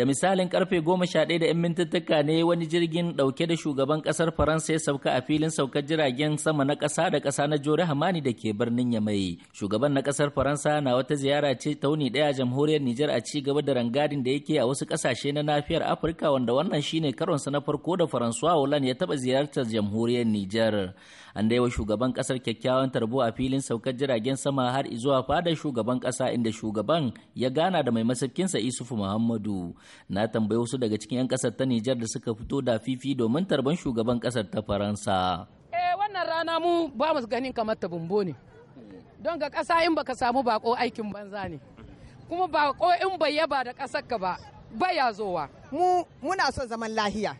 da misalin karfe goma sha ɗaya da 'yan ne wani jirgin ɗauke da shugaban kasar faransa ya sauka a filin saukar jiragen sama na kasa da kasa na jore hamani da ke birnin ya mai shugaban na kasar faransa na wata ziyara ce ta wuni ɗaya jamhuriyar nijar a ci gaba da rangadin da yake a wasu kasashe na nafiyar afirka wanda wannan shine karonsa na farko da faransuwa olan ya taɓa ziyartar jamhuriyar nijar an daiwa shugaban kasar kyakkyawan tarbo a filin saukar jiragen sama har zuwa fadar shugaban kasa inda shugaban ya gana da mai masaukinsa isufu muhammadu na tambayi wasu daga cikin 'yan kasar ta Nijar da suka fito da fifi domin tarban shugaban kasar ta Faransa. Eh wannan rana mu ba mu ganin kamar ta bumbo ne. Don ga ƙasa in baka samu bako aikin banza ne. Kuma bako in bai yaba da ƙasar ka ba baya zowa. Mu muna son zaman lafiya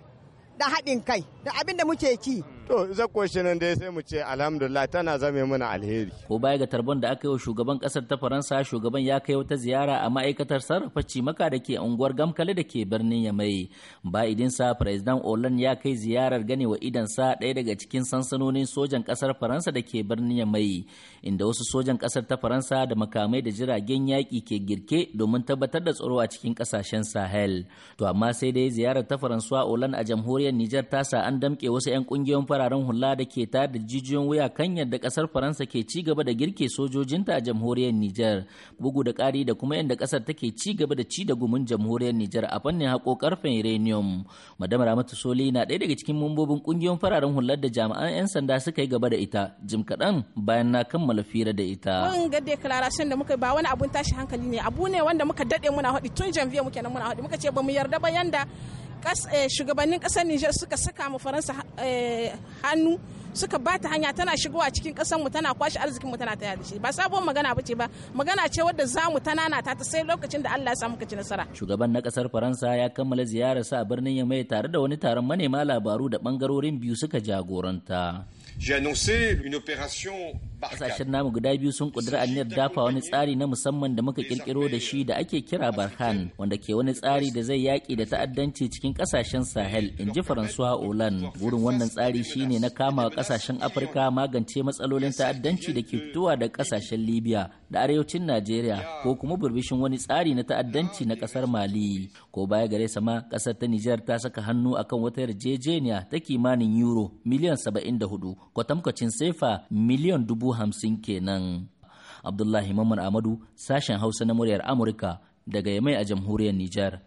da haɗin kai da abin da muke ci To, zakko shi nan dai sai mu ce alhamdulillah tana zame mana alheri. Ko baya ga tarbon da aka yi wa shugaban kasar ta Faransa, shugaban ya kai wata ziyara a ma'aikatar sarrafa cimaka da ke unguwar Gamkale da ke birnin Yamai. Ba idinsa, President Olan ya kai ziyarar ganewa sa ɗaya daga cikin sansanonin sojan kasar Faransa da ke birnin Yamai, inda wasu sojan kasar ta Faransa da makamai da jiragen yaƙi ke girke domin tabbatar da tsaro a cikin ƙasashen Sahel. To, amma sai dai ziyarar ta Faransuwa Olan a jamhuriyar Nijar ta sa an damƙe wasu 'yan ƙungiyoyin fararen hula da ke tada da jijiyoyin wuya kan yadda kasar faransa ke ci gaba da girke sojojinta a jamhuriyar niger bugu da kari da kuma yadda kasar take ci gaba da ci da gumin jamhuriyar niger a fannin hako karfen uranium madam ramatu soli na ɗaya daga cikin mambobin kungiyoyin fararen hula da jami'an 'yan sanda suka yi gaba da ita jim kaɗan bayan na kammala fira da ita. mun ga declaration da muka ba wani abun tashi hankali ne abu ne wanda muka daɗe muna haɗi tun janvier muke nan muna haɗi muka ce ba mu yarda ba yanda Eh, shugabannin kasar Nijar suka saka mu Faransa eh, hannu suka ba ta hanya tana shigowa cikin kasar mu tana kwashe arzikin mu tana ta da shi ba sabon magana bace ba magana ce wadda za mu tanana ta ta sai lokacin da Allah ya samu ci nasara shugaban na kasar Faransa ya kammala ziyarar sa a birnin Yamai tare da wani taron manema labaru da bangarorin biyu suka jagoranta Ƙasashen namu guda biyu sun ƙudiri aniyar dafa wani tsari na musamman da muka ƙirƙiro da shi da ake kira Barhan wanda ke wani tsari da zai yaƙi da ta'addanci cikin ƙasashen Sahel in ji Faransuwa Olan. Wurin wannan tsari shi ne na kama wa ƙasashen Afirka magance matsalolin ta'addanci da ke fitowa da ƙasashen Libya da arewacin Najeriya ko kuma burbishin wani tsari na ta'addanci na ƙasar Mali. Ko baya gare sama ƙasar ta Nijar ta saka hannu akan wata yarjejeniya ta kimanin euro miliyan saba'in da hudu. kwatankwacin sefa miliyan dubu hamsin kenan. Abdullahi Mamman Amadu, sashen Hausa na muryar Amurka daga Yamai a jamhuriyar Nijar.